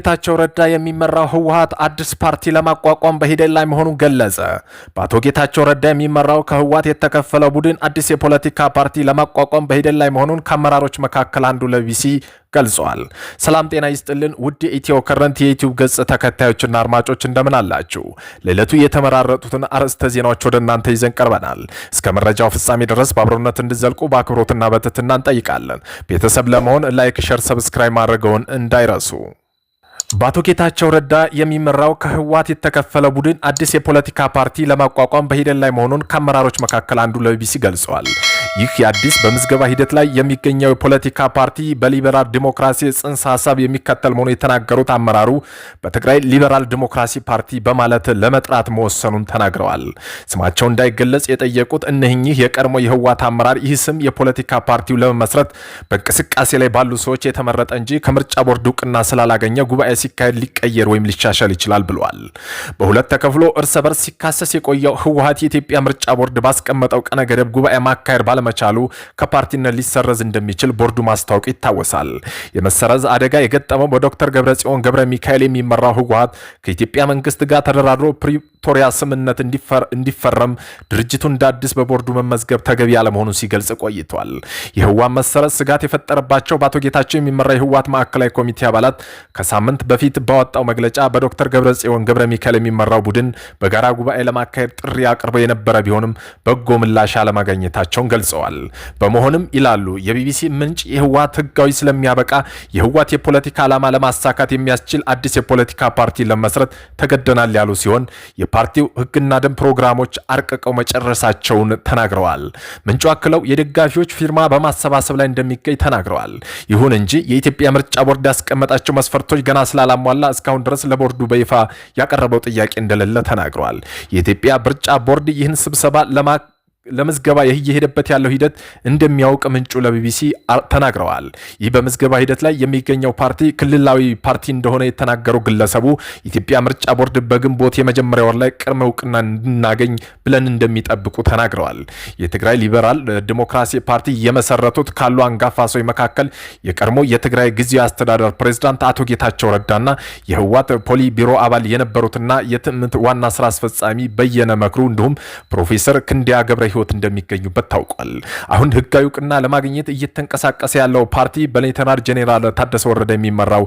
ጌታቸው ረዳ የሚመራው ህወሀት አዲስ ፓርቲ ለማቋቋም በሂደት ላይ መሆኑን ገለጸ። በአቶ ጌታቸው ረዳ የሚመራው ከህወሀት የተከፈለ ቡድን አዲስ የፖለቲካ ፓርቲ ለማቋቋም በሂደት ላይ መሆኑን ከአመራሮች መካከል አንዱ ለቢሲ ገልጿል። ሰላም ጤና ይስጥልን ውድ ኢትዮ ከረንት የዩቲዩብ ገጽ ተከታዮችና አድማጮች እንደምን አላችሁ? ለዕለቱ የተመራረጡትን አርዕስተ ዜናዎች ወደ እናንተ ይዘን ቀርበናል። እስከ መረጃው ፍጻሜ ድረስ በአብሮነት እንዲዘልቁ በአክብሮትና በትትና እንጠይቃለን። ቤተሰብ ለመሆን ላይክ፣ ሸር፣ ሰብስክራይብ ማድረገውን እንዳይረሱ በአቶ ጌታቸው ረዳ የሚመራው ከህወሓት የተከፈለ ቡድን አዲስ የፖለቲካ ፓርቲ ለማቋቋም በሂደት ላይ መሆኑን ከአመራሮች መካከል አንዱ ለቢቢሲ ገልጸዋል። ይህ የአዲስ በምዝገባ ሂደት ላይ የሚገኘው የፖለቲካ ፓርቲ በሊበራል ዲሞክራሲ ጽንሰ ሀሳብ የሚከተል መሆኑ የተናገሩት አመራሩ በትግራይ ሊበራል ዲሞክራሲ ፓርቲ በማለት ለመጥራት መወሰኑን ተናግረዋል። ስማቸው እንዳይገለጽ የጠየቁት እነኚህ የቀድሞ የህዋት አመራር ይህ ስም የፖለቲካ ፓርቲው ለመመስረት በእንቅስቃሴ ላይ ባሉ ሰዎች የተመረጠ እንጂ ከምርጫ ቦርድ እውቅና ስላላገኘ ጉባኤ ሲካሄድ ሊቀየር ወይም ሊሻሻል ይችላል ብለዋል። በሁለት ተከፍሎ እርስ በርስ ሲካሰስ የቆየው ህወሀት የኢትዮጵያ ምርጫ ቦርድ ባስቀመጠው ቀነ ገደብ ጉባኤ ማካሄድ ባለ ባለመቻሉ ከፓርቲነት ሊሰረዝ እንደሚችል ቦርዱ ማስታወቅ ይታወሳል። የመሰረዝ አደጋ የገጠመው በዶክተር ገብረ ገብረ ሚካኤል የሚመራው ህወሀት ከኢትዮጵያ መንግስት ጋር ተደራድሮ ቶሪያ ስምነት እንዲፈረም ድርጅቱ እንደ አዲስ በቦርዱ መመዝገብ ተገቢ አለመሆኑን ሲገልጽ ቆይቷል። የህዋት መሰረት ስጋት የፈጠረባቸው በአቶ ጌታቸው የሚመራ የህዋት ማዕከላዊ ኮሚቴ አባላት ከሳምንት በፊት ባወጣው መግለጫ በዶክተር ገብረ ጽዮን ገብረ ሚካኤል የሚመራው ቡድን በጋራ ጉባኤ ለማካሄድ ጥሪ አቅርበው የነበረ ቢሆንም በጎ ምላሽ አለማገኘታቸውን ገልጸዋል። በመሆንም ይላሉ የቢቢሲ ምንጭ የህዋት ህጋዊ ስለሚያበቃ የህዋት የፖለቲካ ዓላማ ለማሳካት የሚያስችል አዲስ የፖለቲካ ፓርቲ ለመስረት ተገደናል ያሉ ሲሆን የፓርቲው ህግና ደንብ ፕሮግራሞች አርቅቀው መጨረሳቸውን ተናግረዋል። ምንጩ አክለው የደጋፊዎች ፊርማ በማሰባሰብ ላይ እንደሚገኝ ተናግረዋል። ይሁን እንጂ የኢትዮጵያ ምርጫ ቦርድ ያስቀመጣቸው መስፈርቶች ገና ስላላሟላ እስካሁን ድረስ ለቦርዱ በይፋ ያቀረበው ጥያቄ እንደሌለ ተናግረዋል። የኢትዮጵያ ምርጫ ቦርድ ይህን ስብሰባ ለማ ለምዝገባ እየሄደበት ያለው ሂደት እንደሚያውቅ ምንጩ ለቢቢሲ ተናግረዋል። ይህ በምዝገባ ሂደት ላይ የሚገኘው ፓርቲ ክልላዊ ፓርቲ እንደሆነ የተናገሩ ግለሰቡ ኢትዮጵያ ምርጫ ቦርድ በግንቦት የመጀመሪያ ወር ላይ ቅድመ እውቅና እንድናገኝ ብለን እንደሚጠብቁ ተናግረዋል። የትግራይ ሊበራል ዲሞክራሲ ፓርቲ የመሰረቱት ካሉ አንጋፋ ሰዎች መካከል የቀድሞ የትግራይ ጊዜያዊ አስተዳደር ፕሬዝዳንት አቶ ጌታቸው ረዳና የህዋት ፖሊ ቢሮ አባል የነበሩትና የትምት ዋና ስራ አስፈጻሚ በየነ መክሩ እንዲሁም ፕሮፌሰር ክንዲያ ገብረ ህይወት እንደሚገኙበት ታውቋል። አሁን ህጋዊ እውቅና ለማግኘት እየተንቀሳቀሰ ያለው ፓርቲ በሌተናር ጄኔራል ታደሰ ወረደ የሚመራው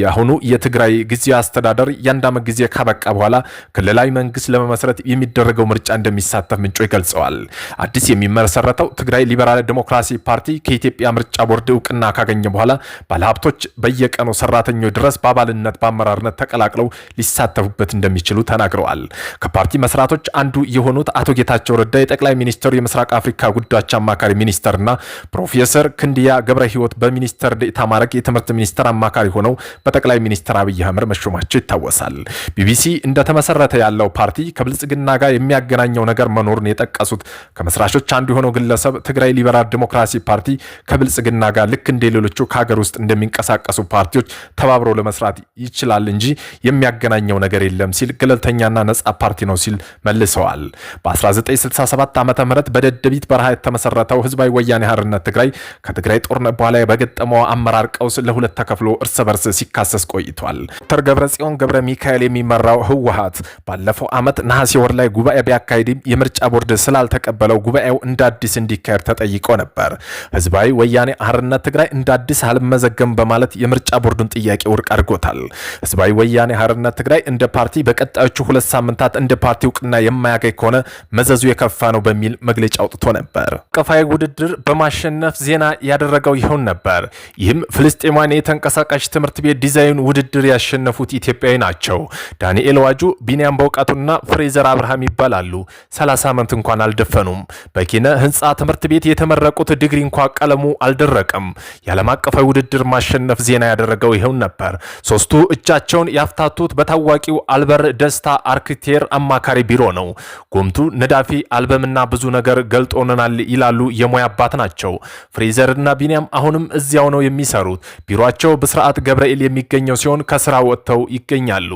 የአሁኑ የትግራይ ጊዜ አስተዳደር የአንድ ዓመት ጊዜ ካበቃ በኋላ ክልላዊ መንግስት ለመመስረት የሚደረገው ምርጫ እንደሚሳተፍ ምንጮች ገልጸዋል። አዲስ የሚመሰረተው ትግራይ ሊበራል ዲሞክራሲ ፓርቲ ከኢትዮጵያ ምርጫ ቦርድ እውቅና ካገኘ በኋላ ባለሀብቶች በየቀኑ ሰራተኞች ድረስ በአባልነት በአመራርነት ተቀላቅለው ሊሳተፉበት እንደሚችሉ ተናግረዋል። ከፓርቲ መስራቶች አንዱ የሆኑት አቶ ጌታቸው ረዳ የጠቅላይ ሚኒስትሩ የምስራቅ አፍሪካ ጉዳዮች አማካሪ ሚኒስተርና ፕሮፌሰር ክንድያ ገብረ ህይወት በሚኒስተር ዴኤታ ማዕረግ የትምህርት ሚኒስተር አማካሪ ሆነው በጠቅላይ ሚኒስትር አብይ አህመድ መሾማቸው ይታወሳል። ቢቢሲ እንደተመሰረተ ያለው ፓርቲ ከብልጽግና ጋር የሚያገናኘው ነገር መኖሩን የጠቀሱት ከመስራቾች አንዱ የሆነው ግለሰብ ትግራይ ሊበራል ዲሞክራሲ ፓርቲ ከብልጽግና ጋር ልክ ሌሎቹ ከሀገር ውስጥ እንደሚንቀሳቀሱ ፓርቲዎች ተባብሮ ለመስራት ይችላል እንጂ የሚያገናኘው ነገር የለም ሲል ገለልተኛና ነጻ ፓርቲ ነው ሲል መልሰዋል። በ1967 ዓ ም በደደቢት በረሃ የተመሰረተው ህዝባዊ ወያኔ ሓርነት ትግራይ ከትግራይ ጦርነት በኋላ በገጠመው አመራር ቀውስ ለሁለት ተከፍሎ እርስ በርስ ሲካሰስ ቆይቷል። ዶክተር ጽዮን ገብረ ሚካኤል የሚመራው ህወሀት ባለፈው ዓመት ነሐሴ ወር ላይ ጉባኤ ቢያካሄድም የምርጫ ቦርድ ስላልተቀበለው ጉባኤው እንደ አዲስ እንዲካሄድ ተጠይቆ ነበር። ህዝባዊ ወያኔ ሓርነት ትግራይ እንደ አዲስ አልመዘገም በማለት የምርጫ ቦርዱን ጥያቄ ውድቅ አድርጎታል። ህዝባዊ ወያኔ ሓርነት ትግራይ እንደ ፓርቲ በቀጣዮቹ ሁለት ሳምንታት እንደ ፓርቲ እውቅና የማያገኝ ከሆነ መዘዙ የከፋ ነው በሚል የሚል መግለጫ አውጥቶ ነበር። ቀፋይ ውድድር በማሸነፍ ዜና ያደረገው ይሆን ነበር። ይህም ፍልስጤማን የተንቀሳቃሽ ትምህርት ቤት ዲዛይን ውድድር ያሸነፉት ኢትዮጵያዊ ናቸው። ዳንኤል ዋጁ፣ ቢንያም በውቃቱና ፍሬዘር አብርሃም ይባላሉ። 30 ዓመት እንኳን አልደፈኑም። በኪነ ህንፃ ትምህርት ቤት የተመረቁት ዲግሪ እንኳ ቀለሙ አልደረቀም። የዓለም አቀፋዊ ውድድር ማሸነፍ ዜና ያደረገው ይሆን ነበር። ሶስቱ እጃቸውን ያፍታቱት በታዋቂው አልበር ደስታ አርክቴር አማካሪ ቢሮ ነው። ጎምቱ ነዳፊ አልበምና ብዙ ነገር ገልጦልናል ይላሉ የሙያ አባት ናቸው። ፍሬዘርና ቢንያም አሁንም እዚያው ነው የሚሰሩት። ቢሮቸው በስርዓት ገብርኤል የሚገኘው ሲሆን ከስራ ወጥተው ይገኛሉ።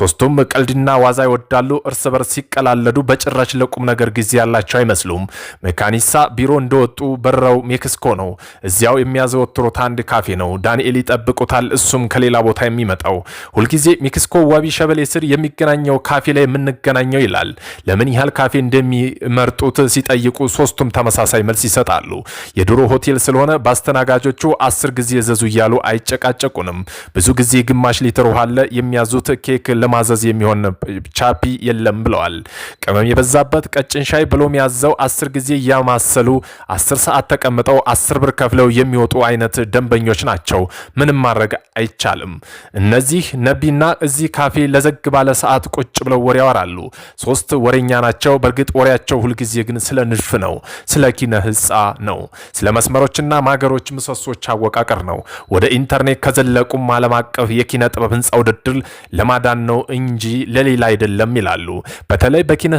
ሶስቱም ቀልድና ዋዛ ይወዳሉ። እርስ በርስ ሲቀላለዱ በጭራሽ ለቁም ነገር ጊዜ ያላቸው አይመስሉም። መካኒሳ ቢሮ እንደወጡ በረው ሜክስኮ ነው። እዚያው የሚያዘወትሩት አንድ ካፌ ነው። ዳንኤል ይጠብቁታል። እሱም ከሌላ ቦታ የሚመጣው ሁልጊዜ ሜክስኮ ዋቢ ሸበሌ ስር የሚገናኘው ካፌ ላይ የምንገናኘው ይላል። ለምን ያህል ካፌ እንደሚመርጡት ሲጠይቁ ሶስቱም ተመሳሳይ መልስ ይሰጣሉ። የድሮ ሆቴል ስለሆነ በአስተናጋጆቹ አስር ጊዜ ዘዙ እያሉ አይጨቃጨቁንም። ብዙ ጊዜ ግማሽ ሊትር ውሃ አለ። የሚያዙት ኬክ ለማዘዝ የሚሆን ቻፒ የለም ብለዋል። ቅመም የበዛበት ቀጭን ሻይ ብሎም ያዘው አስር ጊዜ እያማሰሉ አስር ሰዓት ተቀምጠው አስር ብር ከፍለው የሚወጡ አይነት ደንበኞች ናቸው። ምንም ማድረግ አይቻልም። እነዚህ ነቢና እዚህ ካፌ ለዘግ ባለ ሰዓት ቁጭ ብለው ወሬ ያወራሉ። ሶስት ወሬኛ ናቸው። በእርግጥ ወሬያቸው ሁልጊዜ ግን ግን ስለ ንድፍ ነው፣ ስለ ኪነ ህፃ ነው፣ ስለ መስመሮችና ማገሮች ምሰሶች አወቃቀር ነው። ወደ ኢንተርኔት ከዘለቁም ዓለም አቀፍ የኪነ ጥበብ ህንፃ ውድድር ለማዳን ነው እንጂ ለሌላ አይደለም ይላሉ። በተለይ በኪነ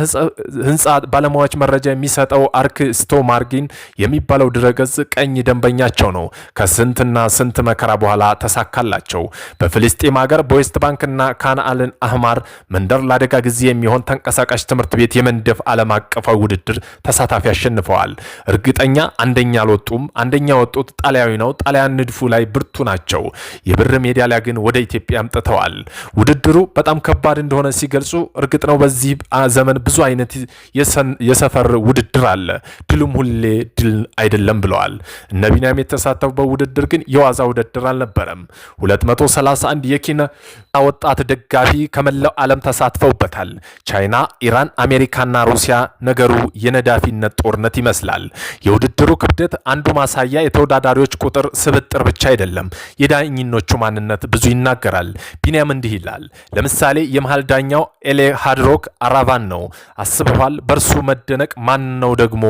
ህንፃ ባለሙያዎች መረጃ የሚሰጠው አርክ ስቶ ማርጊን የሚባለው ድረገጽ ቀኝ ደንበኛቸው ነው። ከስንትና ስንት መከራ በኋላ ተሳካላቸው። በፍልስጤም ሀገር በዌስት ባንክና ካን አህማር መንደር ለአደጋ ጊዜ የሚሆን ተንቀሳቃሽ ትምህርት ቤት የመንደፍ ዓለም አቀፋዊ ውድድር ተሳታፊ አሸንፈዋል። እርግጠኛ አንደኛ አልወጡም። አንደኛ ወጡት ጣሊያዊ ነው። ጣሊያን ንድፉ ላይ ብርቱ ናቸው። የብር ሜዳሊያ ግን ወደ ኢትዮጵያ አምጥተዋል። ውድድሩ በጣም ከባድ እንደሆነ ሲገልጹ፣ እርግጥ ነው በዚህ ዘመን ብዙ አይነት የሰፈር ውድድር አለ፣ ድሉም ሁሌ ድል አይደለም ብለዋል። እነ ቢንያም የተሳተፉበት ውድድር ግን የዋዛ ውድድር አልነበረም። 231 የኪነ ወጣት ደጋፊ ከመላው ዓለም ተሳትፈውበታል። ቻይና፣ ኢራን፣ አሜሪካና ሩሲያ ነገሩ የነዳፊነት ጦርነት ይመስላል። የውድድሩ ክብደት አንዱ ማሳያ የተወዳዳሪዎች ቁጥር ስብጥር ብቻ አይደለም፣ የዳኝኖቹ ማንነት ብዙ ይናገራል። ቢንያም እንዲህ ይላል። ለምሳሌ የመሃል ዳኛው ኤሌሃድሮክ አራቫን ነው። አስበኋል። በእርሱ መደነቅ ማን ነው ደግሞ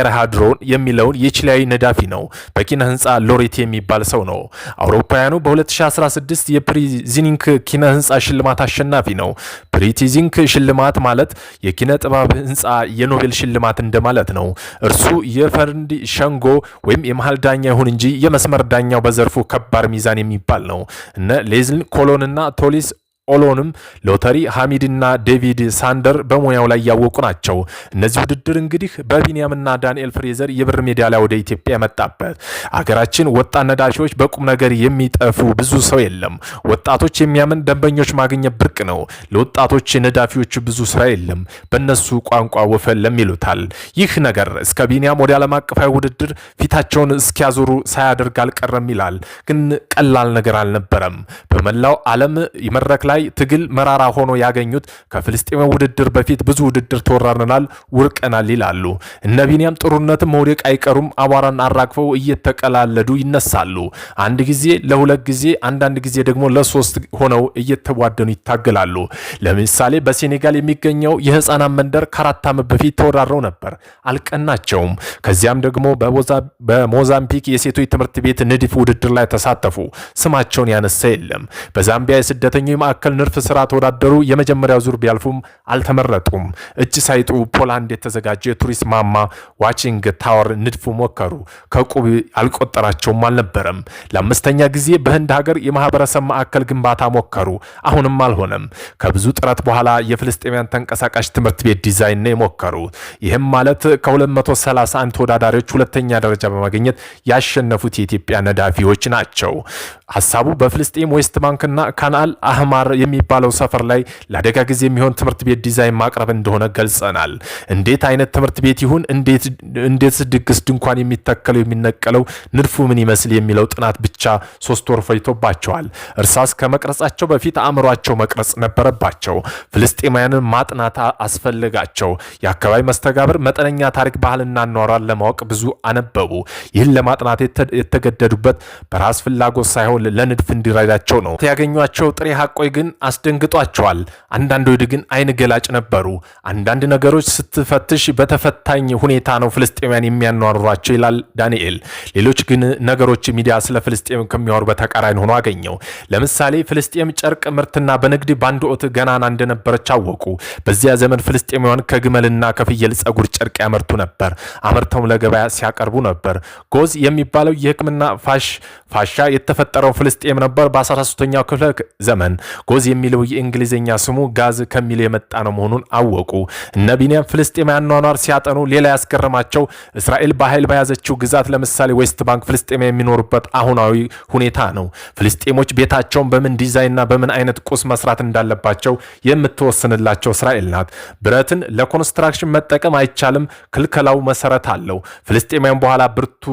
ኤርሃድሮን የሚለውን የቺሊያዊ ነዳፊ ነው። በኪነ ህንፃ ሎሬት የሚባል ሰው ነው። አውሮፓውያኑ በ2016 የፕሪዚንክ ኪነ ህንፃ ሽልማት አሸናፊ ነው። ፕሪቲዚንክ ሽልማት ማለት የኪነ ጥበብ ህንፃ የኖቤል ሽልማት ሽልማት እንደማለት ነው። እርሱ የፈርንድ ሸንጎ ወይም የመሀል ዳኛ ይሁን እንጂ የመስመር ዳኛው በዘርፉ ከባድ ሚዛን የሚባል ነው። እነ ኮሎን ኮሎንና ቶሊስ ኦሎንም ሎተሪ ሐሚድና ዴቪድ ሳንደር በሙያው ላይ ያወቁ ናቸው። እነዚህ ውድድር እንግዲህ በቢንያምና ዳንኤል ፍሬዘር የብር ሜዳሊያ ወደ ኢትዮጵያ የመጣበት አገራችን ወጣት ነዳሾች በቁም ነገር የሚጠፉ ብዙ ሰው የለም። ወጣቶች የሚያምን ደንበኞች ማግኘት ብርቅ ነው። ለወጣቶች ነዳፊዎች ብዙ ስራ የለም። በእነሱ ቋንቋ ወፈለም ይሉታል። ይህ ነገር እስከ ቢንያም ወደ ዓለም አቀፋዊ ውድድር ፊታቸውን እስኪያዞሩ ሳያደርግ አልቀረም ይላል። ግን ቀላል ነገር አልነበረም። በመላው ዓለም መድረክ ላይ ላይ ትግል መራራ ሆኖ ያገኙት ከፍልስጤም ውድድር በፊት ብዙ ውድድር ተወራርናል፣ ውርቀናል ይላሉ። እነ ቢንያም ጥሩነትም መውደቅ አይቀሩም። አቧራን አራግፈው እየተቀላለዱ ይነሳሉ። አንድ ጊዜ ለሁለት ጊዜ፣ አንዳንድ ጊዜ ደግሞ ለሶስት ሆነው እየተቧደኑ ይታገላሉ። ለምሳሌ በሴኔጋል የሚገኘው የህፃናት መንደር ከአራት ዓመት በፊት ተወዳድረው ነበር፣ አልቀናቸውም። ከዚያም ደግሞ በሞዛምፒክ የሴቶች ትምህርት ቤት ንድፍ ውድድር ላይ ተሳተፉ፣ ስማቸውን ያነሳ የለም። በዛምቢያ የስደተኞች ማዕከል መካከል ንርፍ ስራ ተወዳደሩ። የመጀመሪያው ዙር ቢያልፉም አልተመረጡም። እጅ ሳይጡ ፖላንድ የተዘጋጀ የቱሪስት ማማ ዋቺንግ ታወር ንድፉ ሞከሩ። ከቁብ አልቆጠራቸውም አልነበረም። ለአምስተኛ ጊዜ በህንድ ሀገር የማህበረሰብ ማዕከል ግንባታ ሞከሩ። አሁንም አልሆነም። ከብዙ ጥረት በኋላ የፍልስጤሚያን ተንቀሳቃሽ ትምህርት ቤት ዲዛይን ነው የሞከሩ። ይህም ማለት ከ231 ተወዳዳሪዎች ሁለተኛ ደረጃ በማግኘት ያሸነፉት የኢትዮጵያ ነዳፊዎች ናቸው። ሀሳቡ በፍልስጤም ዌስት ባንክና ካናል አህማር የሚባለው ሰፈር ላይ ለአደጋ ጊዜ የሚሆን ትምህርት ቤት ዲዛይን ማቅረብ እንደሆነ ገልጸናል። እንዴት አይነት ትምህርት ቤት ይሁን፣ እንዴት ድግስ ድንኳን የሚተከለው የሚነቀለው፣ ንድፉ ምን ይመስል የሚለው ጥናት ብቻ ሶስት ወር ፈጅቶባቸዋል። እርሳስ ከመቅረጻቸው በፊት አእምሯቸው መቅረጽ ነበረባቸው። ፍልስጤማውያንን ማጥናት አስፈለጋቸው። የአካባቢ መስተጋብር፣ መጠነኛ ታሪክ፣ ባህልና አኗኗርን ለማወቅ ብዙ አነበቡ። ይህን ለማጥናት የተገደዱበት በራስ ፍላጎት ሳይሆን ለንድፍ እንዲረዳቸው ነው። ያገኟቸው ጥሬ ሀቆይ ግን ግን አስደንግጧቸዋል። አንዳንዶች ግን አይን ገላጭ ነበሩ። አንዳንድ ነገሮች ስትፈትሽ በተፈታኝ ሁኔታ ነው ፍልስጤማያን የሚያኗሯቸው ይላል ዳንኤል። ሌሎች ግን ነገሮች ሚዲያ ስለ ፍልስጤም ከሚያወሩ በተቃራኒ ሆኖ አገኘው። ለምሳሌ ፍልስጤም ጨርቅ ምርትና በንግድ በአንድ ወቅት ገናና እንደነበረች አወቁ። በዚያ ዘመን ፍልስጤማውያን ከግመልና ከፍየል ጸጉር ጨርቅ ያመርቱ ነበር። አመርተውም ለገበያ ሲያቀርቡ ነበር። ጎዝ የሚባለው የሕክምና ፋሽ ፋሻ የተፈጠረው ፍልስጤም ነበር በ13ኛው ክፍለ ዘመን ጎዝ የሚለው የእንግሊዝኛ ስሙ ጋዝ ከሚል የመጣ ነው መሆኑን አወቁ። እነ ቢንያም ፍልስጤማውያን ኗኗር ሲያጠኑ ሌላ ያስገረማቸው እስራኤል በኃይል በያዘችው ግዛት ለምሳሌ ዌስት ባንክ ፍልስጤማ የሚኖሩበት አሁናዊ ሁኔታ ነው። ፍልስጤሞች ቤታቸውን በምን ዲዛይንና በምን አይነት ቁስ መስራት እንዳለባቸው የምትወስንላቸው እስራኤል ናት። ብረትን ለኮንስትራክሽን መጠቀም አይቻልም፣ ክልከላው መሰረት አለው። ፍልስጤማውያን በኋላ ብርቱ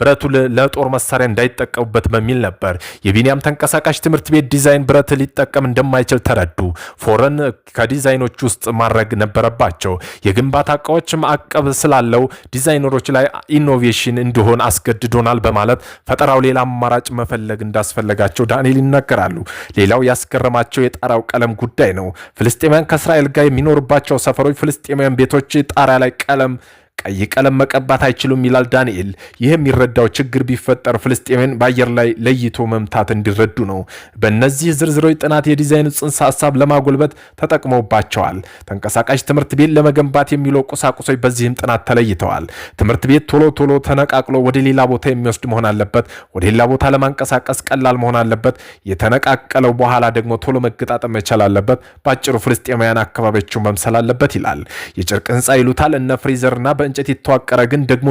ብረቱ ለጦር መሳሪያ እንዳይጠቀሙበት በሚል ነበር። የቢኒያም ተንቀሳቃሽ ትምህርት ቤት ዲዛይን ብረት ሊጠቀም እንደማይችል ተረዱ። ፎረን ከዲዛይኖች ውስጥ ማድረግ ነበረባቸው። የግንባታ እቃዎች ማዕቀብ ስላለው ዲዛይነሮች ላይ ኢኖቬሽን እንዲሆን አስገድዶናል በማለት ፈጠራው ሌላ አማራጭ መፈለግ እንዳስፈለጋቸው ዳንኤል ይናገራሉ። ሌላው ያስገረማቸው የጣራው ቀለም ጉዳይ ነው። ፍልስጤማውያን ከእስራኤል ጋር የሚኖሩባቸው ሰፈሮች ፍልስጤማውያን ቤቶች ጣሪያ ላይ ቀለም ቀይ ቀለም መቀባት አይችሉም ይላል ዳንኤል። ይህ የሚረዳው ችግር ቢፈጠር ፍልስጤምን በአየር ላይ ለይቶ መምታት እንዲረዱ ነው። በእነዚህ ዝርዝሮች ጥናት የዲዛይኑ ጽንሰ ሀሳብ ለማጎልበት ተጠቅመውባቸዋል። ተንቀሳቃሽ ትምህርት ቤት ለመገንባት የሚለው ቁሳቁሶች በዚህም ጥናት ተለይተዋል። ትምህርት ቤት ቶሎ ቶሎ ተነቃቅሎ ወደ ሌላ ቦታ የሚወስድ መሆን አለበት። ወደ ሌላ ቦታ ለማንቀሳቀስ ቀላል መሆን አለበት። የተነቃቀለው በኋላ ደግሞ ቶሎ መገጣጠም መቻል አለበት። በአጭሩ ፍልስጤማውያን አካባቢዎቹን መምሰል አለበት ይላል። የጨርቅ ህንፃ ይሉታል እነ ፍሪዘርና እንጨት የተዋቀረ ግን ደግሞ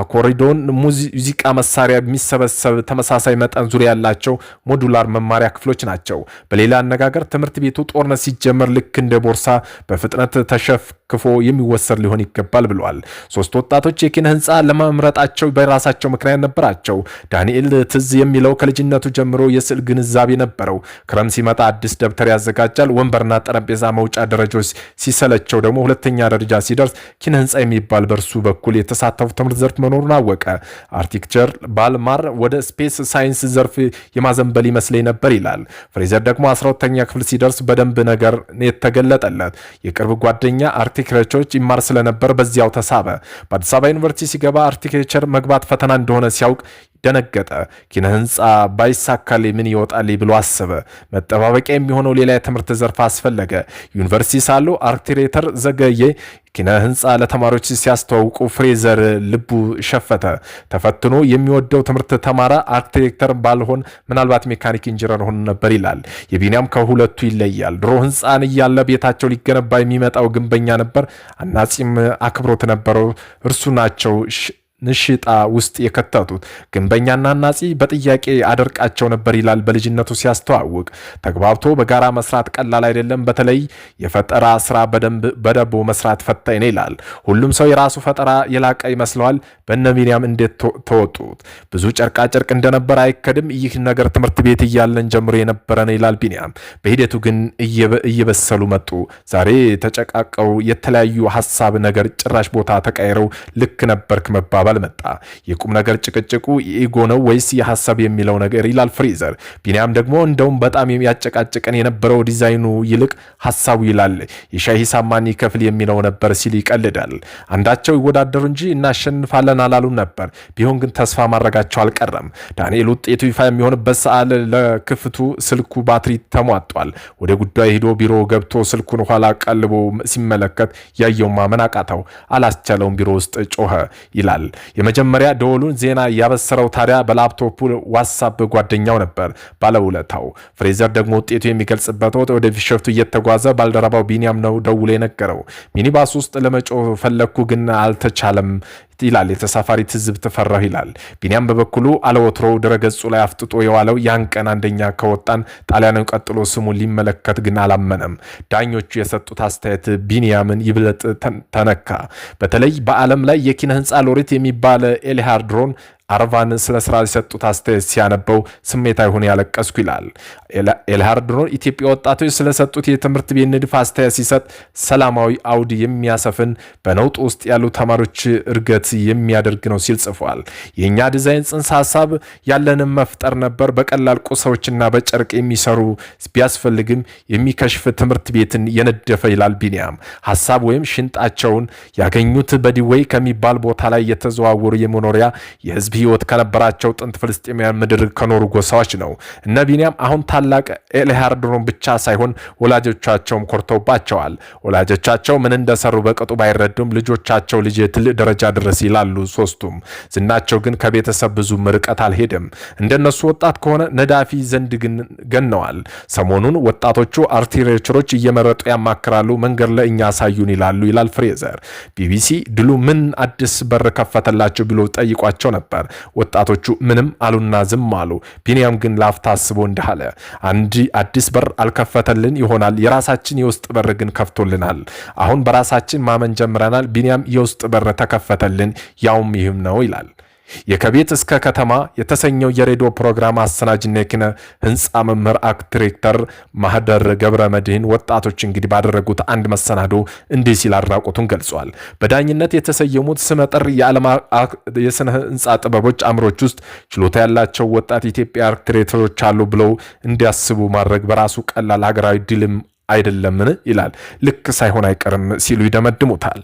አኮሪዶን ሙዚቃ መሳሪያ የሚሰበሰብ ተመሳሳይ መጠን ዙሪያ ያላቸው ሞዱላር መማሪያ ክፍሎች ናቸው። በሌላ አነጋገር ትምህርት ቤቱ ጦርነት ሲጀመር ልክ እንደ ቦርሳ በፍጥነት ተሸክፎ የሚወሰድ ሊሆን ይገባል ብለዋል። ሶስት ወጣቶች የኪነ ህንፃ ለመምረጣቸው በራሳቸው ምክንያት ነበራቸው። ዳንኤል ትዝ የሚለው ከልጅነቱ ጀምሮ የስዕል ግንዛቤ ነበረው። ክረም ሲመጣ አዲስ ደብተር ያዘጋጃል። ወንበርና ጠረጴዛ መውጫ ደረጃዎች ሲሰለቸው ደግሞ ሁለተኛ ደረጃ ሲደርስ ኪነ ህንፃ የሚባል በእርሱ በኩል የተሳተፉ ትምህርት ዘርፍ መኖሩን አወቀ። አርቲክቸር ባልማር ወደ ስፔስ ሳይንስ ዘርፍ የማዘንበል ይመስለኝ ነበር ይላል። ፍሬዘር ደግሞ 12ተኛ ክፍል ሲደርስ በደንብ ነገር የተገለጠለት የቅርብ ጓደኛ አርቲክቸሮች ይማር ስለነበር በዚያው ተሳበ። በአዲስ አበባ ዩኒቨርሲቲ ሲገባ አርቲክቸር መግባት ፈተና እንደሆነ ሲያውቅ ደነገጠ። ኪነ ህንፃ ባይሳካል ምን ይወጣል ብሎ አሰበ። መጠባበቂያ የሚሆነው ሌላ የትምህርት ዘርፍ አስፈለገ። ዩኒቨርሲቲ ሳለው አርክቴሬተር ዘገየ ኪነ ህንፃ ለተማሪዎች ሲያስተዋውቁ ፍሬዘር ልቡ ሸፈተ። ተፈትኖ የሚወደው ትምህርት ተማረ። አርክቴክተር ባልሆን ምናልባት ሜካኒክ ኢንጂነር ሆን ነበር ይላል። የቢኒያም ከሁለቱ ይለያል። ድሮ ህንፃን እያለ ቤታቸው ሊገነባ የሚመጣው ግንበኛ ነበር፣ አናጺም አክብሮት ነበረው። እርሱ ናቸው ንሽጣ ውስጥ የከተቱት ግንበኛና ናጺ በጥያቄ አደርቃቸው ነበር ይላል በልጅነቱ ሲያስተዋውቅ። ተግባብቶ በጋራ መስራት ቀላል አይደለም። በተለይ የፈጠራ ስራ በደንብ በደቦ መስራት ፈታኝ ነው ይላል። ሁሉም ሰው የራሱ ፈጠራ የላቀ ይመስለዋል። በነ ሚኒያም እንዴት ተወጡት? ብዙ ጨርቃጨርቅ እንደነበር አይከድም። ይህ ነገር ትምህርት ቤት እያለን ጀምሮ የነበረ ነው ይላል ቢንያም። በሂደቱ ግን እየበሰሉ መጡ። ዛሬ ተጨቃቀው የተለያዩ ሀሳብ ነገር ጭራሽ ቦታ ተቀይረው ልክ ነበርክ መባባል እየተባባል መጣ። የቁም ነገር ጭቅጭቁ የኢጎ ነው ወይስ የሀሳብ የሚለው ነገር ይላል ፍሪዘር። ቢንያም ደግሞ እንደውም በጣም ያጨቃጭቀን የነበረው ዲዛይኑ ይልቅ ሀሳቡ ይላል የሻይ ሂሳብ ማን ይከፍል የሚለው ነበር ሲል ይቀልዳል። አንዳቸው ይወዳደሩ እንጂ እናሸንፋለን አላሉም ነበር። ቢሆን ግን ተስፋ ማድረጋቸው አልቀረም። ዳንኤል ውጤቱ ይፋ የሚሆንበት ሰዓት ለክፍቱ ስልኩ ባትሪ ተሟጧል። ወደ ጉዳይ ሂዶ ቢሮ ገብቶ ስልኩን ኋላ ቀልቦ ሲመለከት ያየው ማመን አቃተው። አላስቻለውም። ቢሮ ውስጥ ጮኸ ይላል የመጀመሪያ ደወሉን ዜና ያበሰረው ታዲያ በላፕቶፑ ዋሳብ ጓደኛው ነበር ባለውለታው። ፍሬዘር ደግሞ ውጤቱ የሚገልጽበት ወጥ ወደ ቢሾፍቱ እየተጓዘ ባልደረባው ቢኒያም ነው ደውሎ የነገረው። ሚኒባስ ውስጥ ለመጮ ፈለግኩ ግን አልተቻለም። ይላል የተሳፋሪ ትዝብት ፈራሁ ይላል። ቢኒያም በበኩሉ አለወትሮ ድረገጹ ላይ አፍጥጦ የዋለው ያን ቀን አንደኛ ከወጣን ጣሊያንን ቀጥሎ ስሙ ሊመለከት ግን አላመነም። ዳኞቹ የሰጡት አስተያየት ቢኒያምን ይብለጥ ተነካ። በተለይ በዓለም ላይ የኪነ ህንፃ ሎሬት የሚባለ ኤሊሃርድሮን አርቫን ስለ ስራ ሊሰጡት አስተያየት ሲያነበው ስሜታ ይሁን ያለቀስኩ ይላል። ኤልሃርድ ኑር ኢትዮጵያ ወጣቶች ስለሰጡት የትምህርት ቤት ንድፍ አስተያየት ሲሰጥ ሰላማዊ አውድ የሚያሰፍን በነውጥ ውስጥ ያሉ ተማሪዎች እርገት የሚያደርግ ነው ሲል ጽፏል። የእኛ ዲዛይን ጽንሰ ሀሳብ ያለንን መፍጠር ነበር። በቀላል ቁሳዎችና በጨርቅ የሚሰሩ ቢያስፈልግም የሚከሽፍ ትምህርት ቤትን የነደፈ ይላል ቢኒያም። ሀሳብ ወይም ሽንጣቸውን ያገኙት በዲዌይ ከሚባል ቦታ ላይ የተዘዋወሩ የመኖሪያ የህዝብ ህይወት ከነበራቸው ጥንት ፍልስጤማውያን ምድር ከኖሩ ጎሳዎች ነው። እነ ቢንያም አሁን ታላቅ ኤልሃርድሮን ብቻ ሳይሆን ወላጆቻቸውም ኮርተውባቸዋል። ወላጆቻቸው ምን እንደሰሩ በቅጡ ባይረዱም ልጆቻቸው ልጅ ትልቅ ደረጃ ድረስ ይላሉ ሶስቱም። ዝናቸው ግን ከቤተሰብ ብዙ ርቀት አልሄደም። እንደነሱ ወጣት ከሆነ ነዳፊ ዘንድ ግን ገነዋል። ሰሞኑን ወጣቶቹ አርቲሬቸሮች እየመረጡ ያማክራሉ። መንገድ ላይ እኛ አሳዩን ይላሉ ይላል ፍሬዘር። ቢቢሲ ድሉ ምን አዲስ በር ከፈተላቸው ብሎ ጠይቋቸው ነበር። ወጣቶቹ ምንም አሉና ዝም አሉ። ቢንያም ግን ላፍታ አስቦ እንዲህ አለ። አንድ አዲስ በር አልከፈተልን ይሆናል፣ የራሳችን የውስጥ በር ግን ከፍቶልናል። አሁን በራሳችን ማመን ጀምረናል። ቢንያም የውስጥ በር ተከፈተልን፣ ያውም ይህም ነው ይላል። የከቤት እስከ ከተማ የተሰኘው የሬዲዮ ፕሮግራም አሰናጅና የኪነ ህንፃ መምህር አክት ዲሬክተር ማህደር ገብረ መድህን ወጣቶች እንግዲህ ባደረጉት አንድ መሰናዶ እንዲህ ሲል አድናቆቱን ገልጿል። በዳኝነት የተሰየሙት ስመጥር የዓለም የስነ ህንፃ ጥበቦች አምሮች ውስጥ ችሎታ ያላቸው ወጣት ኢትዮጵያ ዲሬክተሮች አሉ ብለው እንዲያስቡ ማድረግ በራሱ ቀላል ሀገራዊ ድልም አይደለምን ይላል። ልክ ሳይሆን አይቀርም ሲሉ ይደመድሙታል።